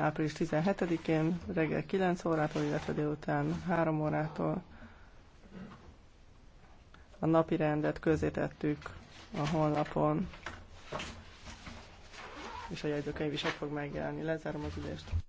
április 17-én reggel 9 órától, illetve délután 3 órától. A napi rendet közzétettük a honlapon, és a jegyzőkönyv is ott fog megjelenni. Lezárom az ülést.